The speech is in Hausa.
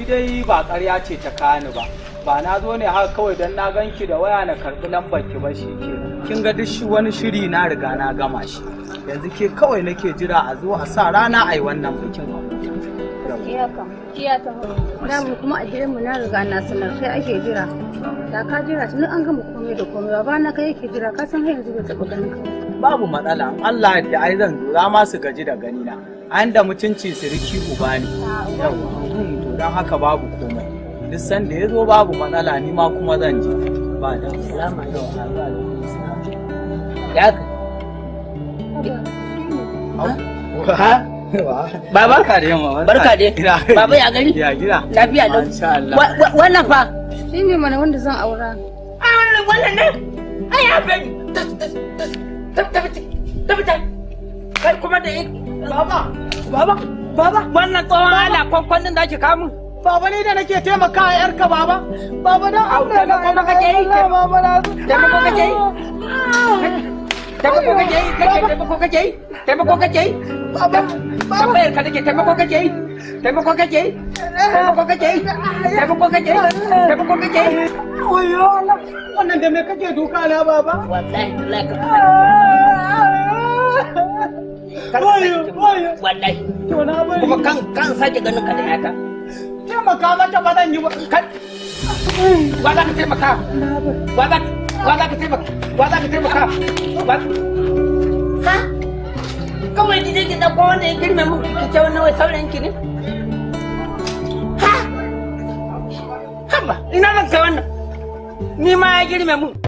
ni dai ba ƙarya ce ta kani ba ba na zo ne haka kawai don na ganki da waya na karɓi lambar ki ba shi ke kin ga duk wani shiri na riga na gama shi yanzu ke kawai nake jira a zo a sa rana a yi wannan bikin Damu kuma a mu na riga na sanar sai ake jira. Da ka jira tuni an gama komai da komai ba na kai yake jira ka san har yanzu bai taɓa ganin Babu matsala Allah da ai zan zo ma su gaji da ganina. An da mutunci su riki uba ne. Yawwa. don haka babu komai duk sanda ya zo babu matsala ni ma kuma zan je ba da ya ka ba barka da baba ya gari ya lau wannan shi ne mana wanda zan aura a wannan da baba baba Baba. Wannan tsohon ala kwankwanin da ake kamun. Baba ne da nake taimaka a yarka baba. Baba kake yi. Baba na. kake yi. Baba. ka nake taimako kake yi. Taimako kake yi. Taimako kake yi. Taimako kake yi. Taimako kake yi. Oyo Allah. Wannan da me kake duka na baba? Wallahi Allah ah! wallahi kuma kan kan sake ganin ka da yata taimaka mata ba zan yi ba kan za ka taimaka za ka taimaka za ka taimaka ha kawai wanda ya girme wai ki ne ha ina zan kai wannan ni ma ya girme mu